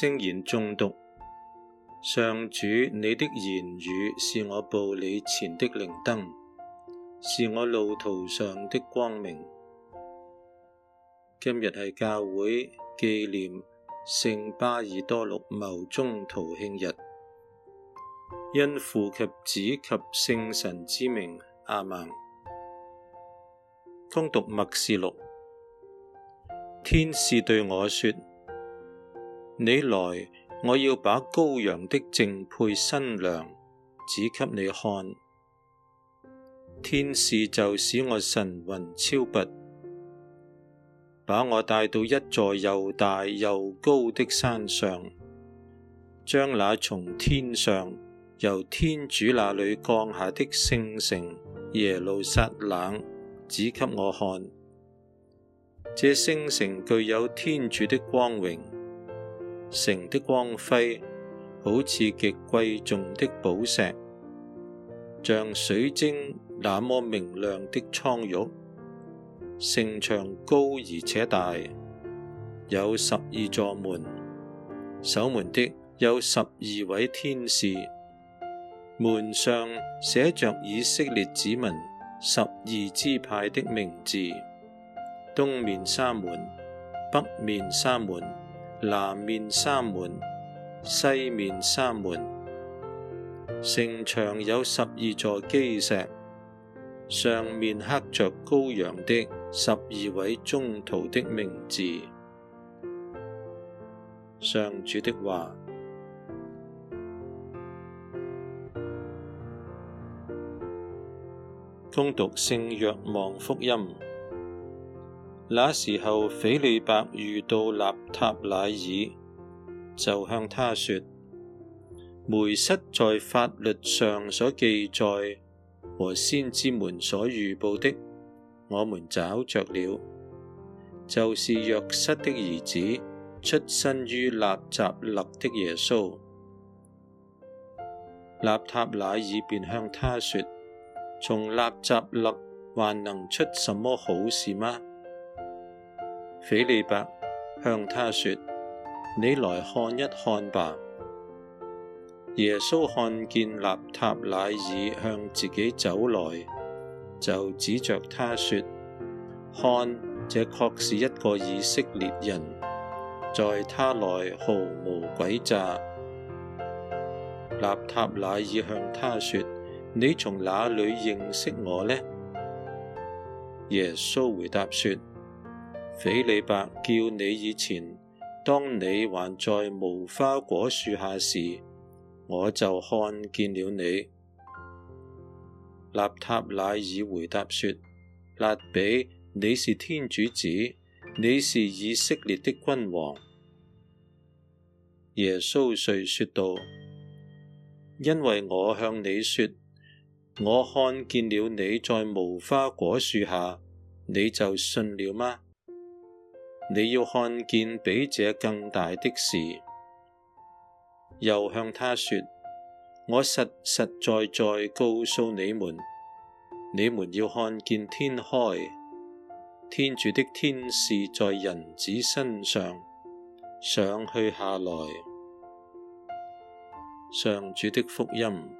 聖言誦讀，上主，你的言語是我步履前的靈燈，是我路途上的光明。今日係教會紀念聖巴爾多祿茂宗徒慶日，因父及子及聖神之名，亞孟。恭讀默示錄，天使對我說。你來，我要把羔羊的淨配新娘指給你看。天使就使我神魂超拔，把我帶到一座又大又高的山上，將那從天上由天主那裏降下的聖城耶路撒冷指給我看。這聖城具有天主的光榮。城的光輝，好似極貴重的寶石，像水晶那麼明亮的蒼玉。城牆高而且大，有十二座門，守門的有十二位天使。門上寫着以色列子民十二支派的名字。東面三門，北面三門。南面三門，西面三門，城牆有十二座基石，上面刻着羔羊的十二位宗徒的名字。上主的話：恭讀聖若望福音。那時候，斐理伯遇到納塔乃耳，就向他說：梅瑟在法律上所記載，和先知們所預報的，我們找着了，就是若瑟的兒子，出身於納匝肋的耶穌。納塔乃耳便向他說：從納匝肋還能出什麼好事嗎？斐理伯向他說：你來看一看吧。耶穌看見納塔乃耳向自己走來，就指着他說：看，這確是一個以色列人，在他內毫無詭詐。納塔乃耳向他說：你從哪裏認識我呢？耶穌回答說。斐理伯叫你以前，當你還在無花果樹下時，我就看見了你。納塔乃耳回答說：辣彼，你是天主子，你是以色列的君王。耶穌遂說道：因為我向你說，我看見了你在無花果樹下，你就信了嗎？你要看見比這更大的事，又向他說：我實實在在告訴你們，你們要看見天開，天主的天使在人子身上，上去下來。上主的福音。